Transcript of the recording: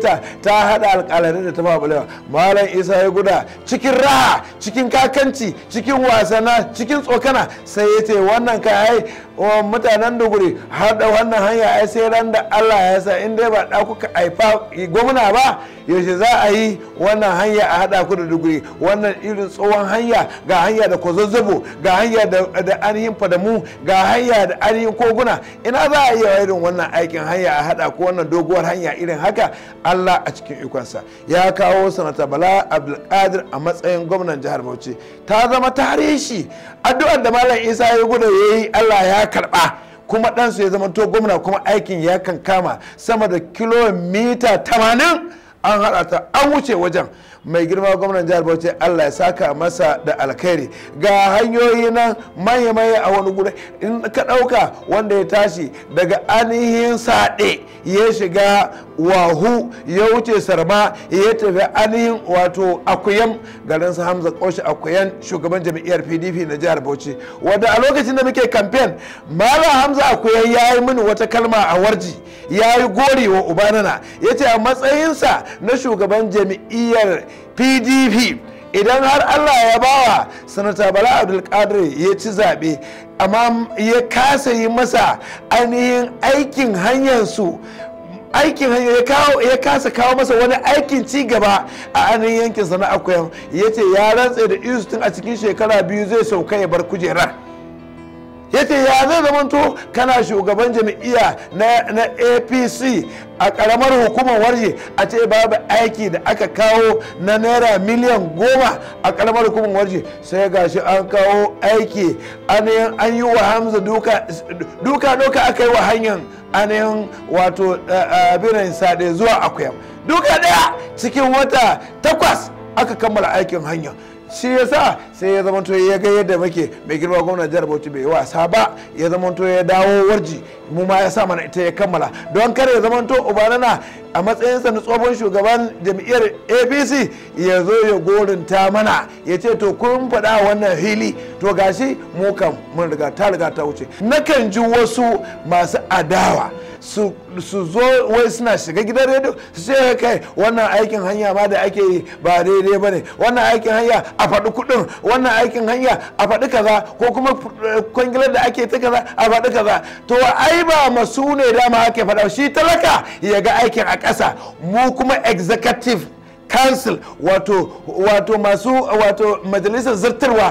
ta ta hada alƙalari da ta ba bulewa malam isa ya guda cikin raha cikin kakanci cikin wasana cikin tsokana sai ya ce wannan ka ai mutanen duguri har da wannan hanya ai sai ran da allah ya sa in dai ba da kuka aifa gwamna ba yaushe za a yi wannan hanya a hada ku da duguri wannan irin tsohon hanya ga hanya da kwazazzabo ga hanya da ainihin fadamu ga hanya da yi koguna ina za a iya irin wannan aikin hanya a hada ku wannan doguwar hanya irin haka Allah a cikin ikonsa ya kawo sanata Bala Abdulkadir a matsayin gwamnan jihar Bauchi ta zama tarihi addu'ar da Malam Isa ya gudu yayi Allah ya karba kuma ɗansu ya zama to gwamna kuma aikin ya kan kama sama da kilomita 80 an haɗa ta an wuce wajen mai girma gwamnan jihar bauchi allah ya saka masa da alkhairi ga hanyoyi na maye a wani guri in ka ɗauka wanda ya tashi daga ainihin saɗe ya shiga wahu ya wuce sarma ya tafi ainihin wato akuyan garin su hamza koshi akuyan shugaban jami'ar pdp na jihar bauchi wanda a lokacin da muke kamfen malam hamza akuyan ya yi mini wata kalma a warji ya yi gori wa ubanana ya ce a matsayinsa na shugaban jami'iyar pdp idan har allah ya bawa sanata bala abdulkadir ya ci zaɓe amma ya kasa yi masa ainihin aikin hanyarsu aikin ya kasa kawo masa wani aikin ci gaba a ainihin yankin sana'a koyan ya ce ya rantse da isu tun a cikin shekara biyu zai sauka ya bar kujerar ya ce ya zai zamanto kana shugaban jam'iyya na apc a karamar hukumar warje a ce babu aiki da aka kawo na naira miliyan goma a karamar hukumar warje sai gashi an kawo aiki an yi wa hamza duka doka aka yi wa hanyar anayin wato eh, eh, birin sade zuwa akwai duka daya cikin wata takwas aka kammala aikin hanyar. shi yasa sai ya zamanto ya ga yadda muke mai girma gwamnan jihar bauchi bai wasa ba ya zamanto ya dawo warji mu ma ya sa mana ita ya kammala don kar ya zamanto ubanana a matsayinsa na tsohon shugaban jam'iyyar apc ya zo ya gorinta mana ya ce to kun faɗa wannan hili to gashi mu kan mun riga ta riga ta wuce nakan ji wasu masu adawa su zo wai suna shiga gidan rediyo su ce eh, kai wannan aikin hanya ma da ake yi ba daidai ba ne wannan aikin hanya a faɗi kuɗin wannan aikin hanya a faɗi kaza ko kuma eh, kwangilar da ake ta kaza a faɗi kaza to ai ba masu ne dama ake faɗa shi talaka ya ga aikin a ƙasa mu kuma executive council wato wato masu wato majalisar zartarwa